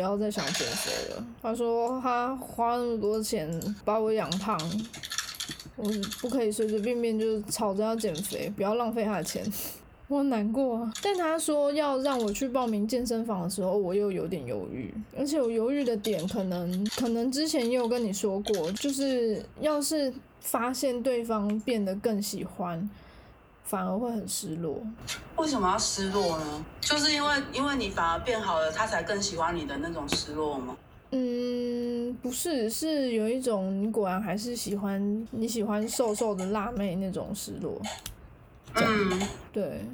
不要再想減肥了。他說他花那麼多錢把我養胖，我不可以隨隨便便就吵着要減肥，不要浪費他的錢。 我難過啊。但他說要讓我去報名健身房的時候，我又有點猶豫。而且我猶豫的點，可能可能之前也有跟你說過，就是要是發現對方變得更喜歡。反而會很失落，為什麼要失落呢？就是因為因為你反而變好了，他才更喜歡你的那種失落嗎？嗯，不是，是有一種你果然還是喜歡你喜歡瘦瘦的辣妹那種失落。嗯，這樣，對。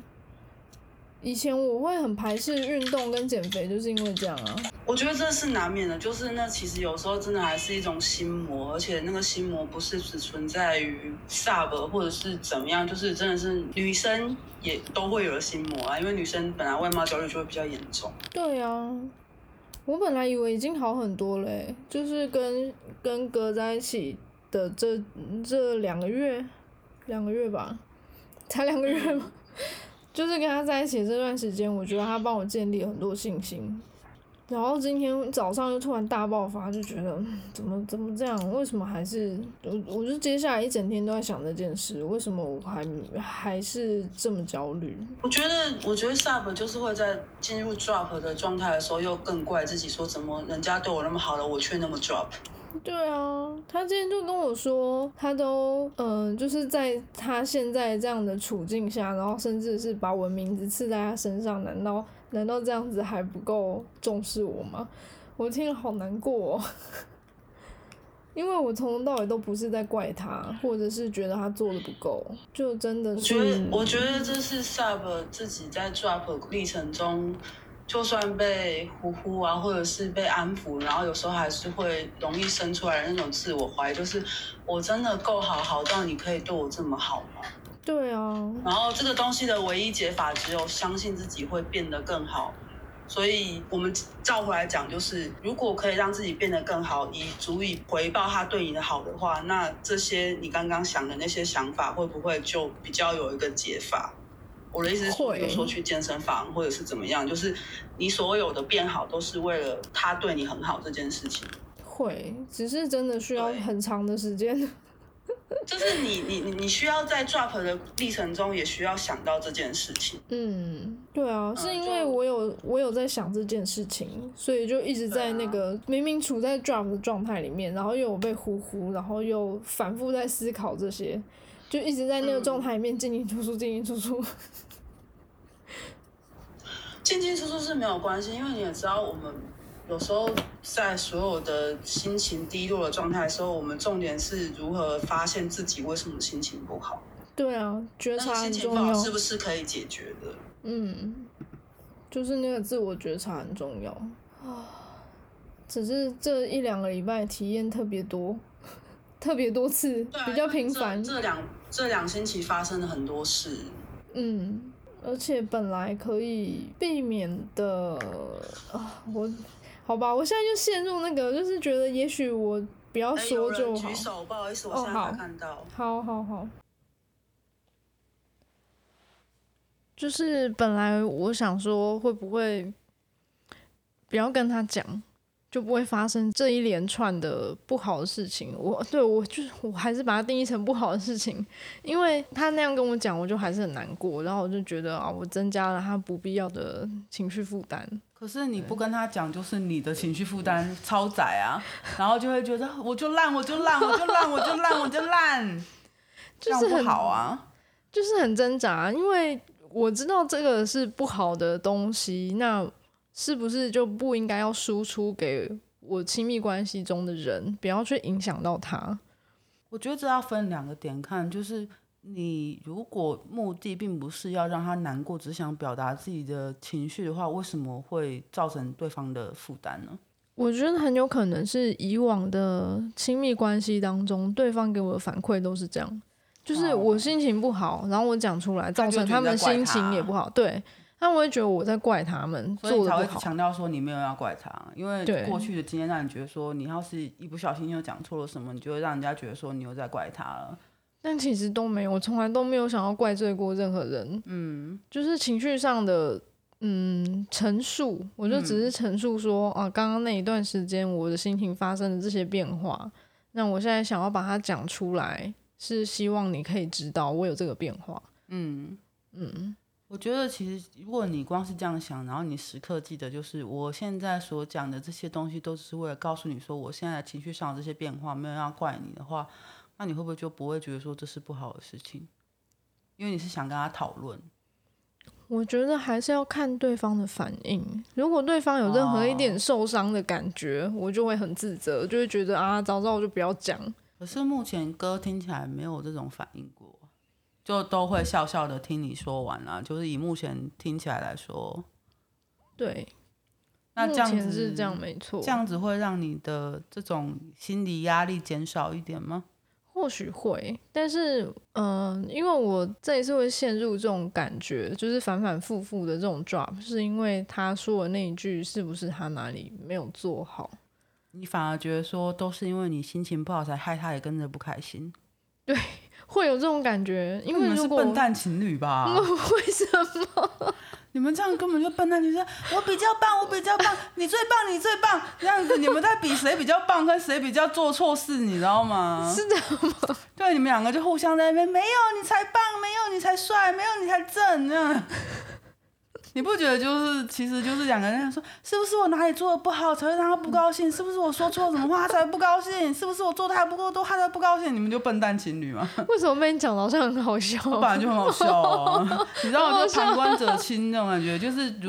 以前我會很排斥運動跟減肥，就是因為這樣啊。我覺得這是難免的，就是那其實有時候真的還是一種心魔，而且那個心魔不是只存在於 sub 或者是怎麼樣，就是真的是女生也都會有了心魔啊，因為女生本來外貌焦慮就會比較嚴重。對啊，我本來以為已經好很多了，就是跟跟哥在一起的這這兩個月，兩個月吧，才兩個月。嗯就是跟他在一起這段時間，我覺得他幫我建立很多信心，然後今天早上又突然大爆發，就覺得怎麼怎麼這樣？為什麼還是我？我就接下來一整天都在想這件事，為什麼我還還是這麼焦慮？我覺得，我覺得 sub 就是會在進入 drop 的狀態的時候，又更怪自己，說怎麼人家對我那麼好了，我卻那麼 drop。對啊，他今天就跟我說，他都，嗯、呃，就是在他現在這樣的處境下，然後甚至是把我的名字刺在他身上，難道難道這樣子還不夠重視我嗎？我聽了好難過哦， 因為我從頭到尾都不是在怪他，或者是覺得他做得不夠，就真的是我覺得我覺得這是 Sub 自己在 Drop 歷程中。就算被呼呼啊，或者是被安撫，然後有時候還是會容易生出來的那種自我懷疑，就是我真的夠好，好，好到你可以對我這麼好嗎？對啊。然後這個東西的唯一解法，只有相信自己會變得更好。所以我們照回來講，就是如果可以讓自己變得更好，以足以回報他對你的好的話，那這些你剛剛想的那些想法，會不會就比較有一個解法？我的意思是，比如說去健身房，會或者是怎麼樣，就是你所有的變好都是為了他對你很好這件事情。會，只是真的需要很長的時間。就是你你你你需要在 drop 的歷程中，也需要想到這件事情。嗯，對啊，是因為我有、嗯、我有在想這件事情，所以就一直在那個、啊、明明處在 drop 的狀態裡面，然後又有被呼呼，然後又反覆在思考這些。就一直在那個狀態裡面進進出出、進進出出。進 進出出是沒有關係，因為你也知道，我們有時候在所有的心情低落的狀態時候，我們重點是如何發現自己為什麼心情不好。對啊，覺察很重要。是不是可以解決的？嗯，就是那個自我覺察很重要啊。只是這一兩個禮拜體驗特別多，特別多次，啊、比較頻繁。這兩這兩星期發生了很多事，嗯，而且本來可以避免的，啊、哦，我，好吧，我現在就陷入那個，就是覺得也許我不要說就好。欸、舉手，不好意思，我現在看到。好好、哦、好，好好好，就是本來我想說，會不會不要跟他講？就不會發生這一連串的不好的事情。我對我就是，我還是把它定義成不好的事情，因為他那樣跟我講，我就還是很難過。然後我就覺得啊，我增加了他不必要的情緒負擔。可是你不跟他講，對就是你的情緒負擔超載啊。然後就會覺得我就爛，我就爛，我就爛，我就爛，我就爛，就，就， 就是很這樣不好啊，就是很掙扎。因為我知道這個是不好的東西，那。是不是就不應該要輸出給我親密關係中的人，不要去影響到他？我覺得這要分兩個點看，就是你如果目的並不是要讓他難過，只想表達自己的情緒的話，為什麼會造成對方的負擔呢？我覺得很有可能是以往的親密關係當中，對方給我的反饋都是這樣，就是我心情不好，然後我講出來，造成他們心情也不好，對。那我會覺得我在怪他們，所以我才會強調說你沒有要怪他，對因為過去的經驗讓你覺得說，你要是一不小心又講錯了什麼，你就會讓人家覺得說你又在怪他了。但其實都沒有，我從來都沒有想要怪罪過任何人。嗯，就是情緒上的嗯陳述，我就只是陳述說，嗯、啊，剛剛那一段時間我的心情發生了這些變化。那我現在想要把它講出來，是希望你可以知道我有這個變化。嗯嗯。嗯我覺得其實，如果你光是這樣想，然後你時刻記得，就是我現在所講的這些東西，都是為了告訴你說，我現在情緒上這些變化，沒有要怪你的話，那你會不會就不會覺得說這是不好的事情？因為你是想跟他討論。我覺得還是要看對方的反應。如果對方有任何一點受傷的感覺，哦、我就會很自責，就會覺得啊，早知道我就不要講。可是目前哥聽起來沒有這種反應。就都會笑笑的聽你說完了、啊，就是以目前聽起來來說，對，那這樣子是這樣沒錯，這樣子會讓你的這種心理壓力減少一點嗎？或許會，但是，嗯、呃，因為我這一次會陷入這種感覺，就是反反复复的這種 drop，是因為他說的那一句是不是他哪裡沒有做好？你反而覺得說都是因為你心情不好才害他也跟着不開心？對。會有這種感覺，因為你們是笨蛋情侶吧？為什麼？你們這樣根本就笨蛋情侶。我比較棒，我比較棒，你最棒，你最棒，你最棒這樣子，你們在比誰比較棒，跟誰比較做錯事，你知道嗎？是這樣嗎？對，你們兩個就互相在那邊，沒有你才棒，沒有你才帥，沒有你才正這樣你不覺得就是，其實就是兩個人在說，是不是我哪裡做的不好才會讓他不高興？是不是我說錯什麼話他才會不高興？是不是我做的還不夠多他才不高興？你們就笨蛋情侶嗎？為什麼被你講到像很搞笑？我本來就很好笑，哦， 你知道我就旁觀者清那種感覺，就是、就是、就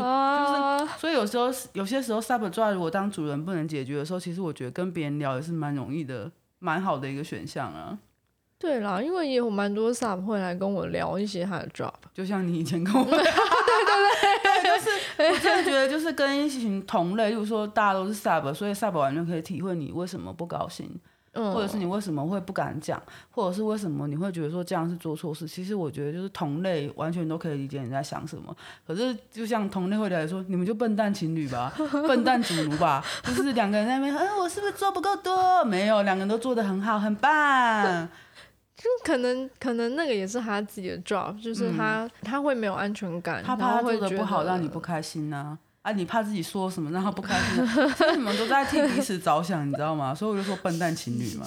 是，所以有時候有些時候 sub drop 如果當主人不能解決的時候，其實我覺得跟別人聊也是蠻容易的，蠻好的一個選項啊。對啦，因為也有蠻多 sub 會來跟我聊一些他的 drop，就像你以前跟我，聊， 對對對， 就是我真的覺得就是跟一群同類，就是說大家都是 sub，所以 sub 完全可以體會你為什麼不高興，或者是你為什麼會不敢講，或者是為什麼你會覺得說這樣是做錯事。其實我覺得就是同類完全都可以理解你在想什麼。可是就像同類會來說，你們就笨蛋情侶吧，笨蛋主奴吧， 就是兩個人在那邊，嗯、哎，我是不是做不夠多？沒有，兩個人都做得很好，很棒。 就可能可能那個也是他自己的 drop，就是他、嗯、他會沒有安全感，他怕，怕他做的不好讓你不開心吶、啊，啊你怕自己說什麼讓他不開心、啊，所以你們都在替彼此着想，你知道嗎？所以我就說笨蛋情侶嘛。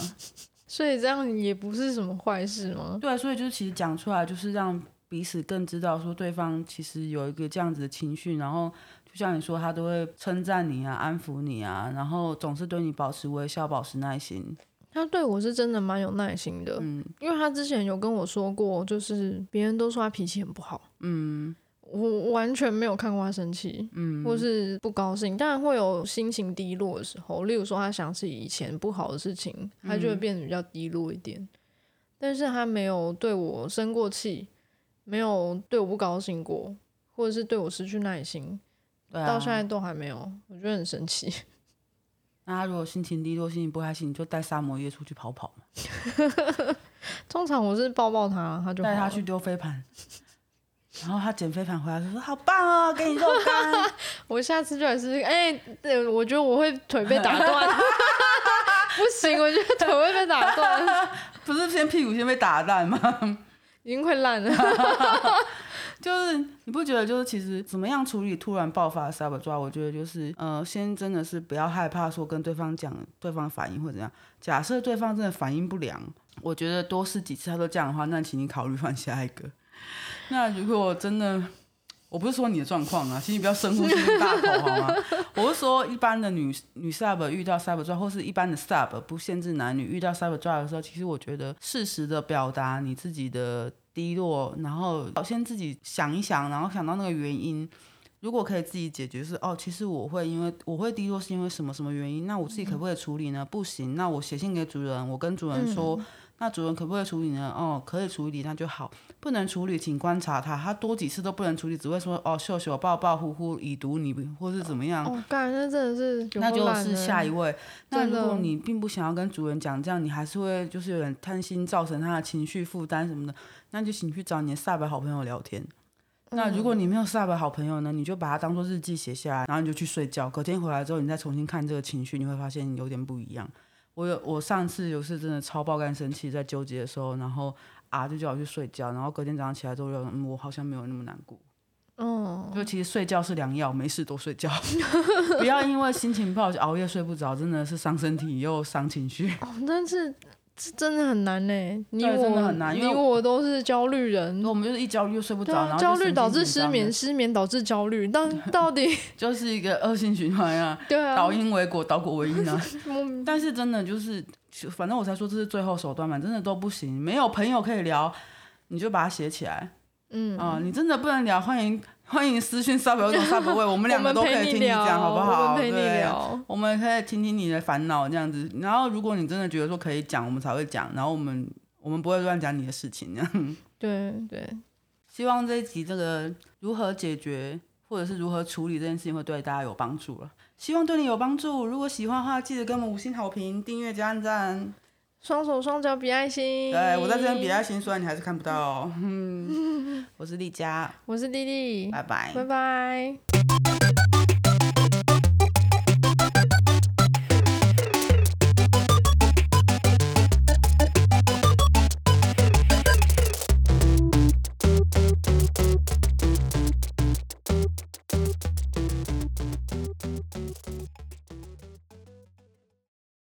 所以這樣也不是什麼壞事嗎？ 對、啊，所以就是其實講出來，就是讓彼此更知道說對方其實有一個這樣子的情緒，然後就像你說，他都會稱讚你啊，安撫你啊，然後總是對你保持微笑，保持耐心。他對我是真的蠻有耐心的，嗯、因為他之前有跟我說過，就是別人都說他脾氣很不好，嗯，我完全沒有看過他生氣，嗯，或是不高興，當然會有心情低落的時候，例如說他想起以前不好的事情，他就會變得比較低落一點，嗯、但是他沒有對我生過氣，沒有對我不高興過，或者是對我失去耐心，對啊、到現在都還沒有，我覺得很神奇。那如果心情低落、心情不開心，你就帶薩摩耶出去跑跑嘛。 通常我是抱抱他，他就，帶他去丟飛盤， 然後他撿飛盤回來，他說：“好棒啊、哦，給你肉乾 我下次就來試試。哎、欸，對，我覺得我會腿被打斷。 不行，我覺得腿會被打斷。 不是先屁股先被打爛嗎？ 已經快爛了。 就是你不覺得就是其實怎麼樣處理突然爆發的 sub drop？我覺得就是呃，先真的是不要害怕說跟對方講，對方反應或者怎樣。假設對方真的反應不良，我覺得多試幾次他都這樣的話，那請你考慮換下一個。那如果真的。我不是說你的狀況啊，其實你不要深呼吸大口 好嗎？我是說一般的女女 sub 遇到 sub drop，或是一般的 sub 不限制男女遇到 sub drop 的時候，其實我覺得適時的表達你自己的低落，然後首先自己想一想，然後想到那個原因，如果可以自己解決是哦，其實我會因為我會低落是因為什麼什麼原因，那我自己可不可以處理呢？嗯、不行，那我寫信給主人，我跟主人說。嗯。那主人可不可以處理呢？哦，可以處理，那就好。不能處理，請觀察他。他多幾次都不能處理，只會說哦，秀秀，抱抱，呼呼，已讀，你或是怎麼樣？哦，感、哦、覺真的是的。那就是下一位。對那如果你並不想要跟主人講這樣，你還是會就是有點貪心，造成他的情緒負擔什麼的。那就請去找你的薩白好朋友聊天。嗯、那如果你沒有薩白好朋友呢，你就把它當做日記寫下來，然後你就去睡覺。隔天回來之後，你再重新看這個情緒，你會發現有點不一樣。我有我上次有次真的超爆肝生氣，在糾結的時候，然後啊就叫我去睡覺，然後隔天早上起來之後，嗯，我好像沒有那麼難過。嗯，就其實睡覺是良藥，沒事多睡覺， 不要因為心情不好就熬夜睡不着，真的是傷身體又傷情緒。哦，但是。是真的很難呢、欸，你我你我都是焦慮人，我們就是一焦慮就睡不着，然後焦慮導致失眠，失眠導致焦慮，但到底 就是一個惡性循環啊，對啊、倒因為果，倒果為因啊。 但是真的就是，反正我才說這是最後手段嘛，真的都不行，沒有朋友可以聊，你就把它寫起來，嗯啊、呃，你真的不能聊，歡迎。歡迎私訊沙伯，或者沙我們兩個都可以聽你講，好不好？ 聊聊對，我們可以聽聽你的煩惱這樣子。然後，如果你真的覺得說可以講，我們才會講。然後，我們我們不會亂講你的事情這樣。對對，對，希望這一集這個如何解決，或者是如何處理這件事情，會對大家有幫助了。希望對你有幫助。如果喜歡的話，記得給我們五星好評、訂閱加按讚。雙手雙腳比愛心，對，我在這邊比愛心酸，雖然 你還是看不到。喔。嗯、 我是栗嘉，我是蒂蒂。拜拜 bye，拜拜。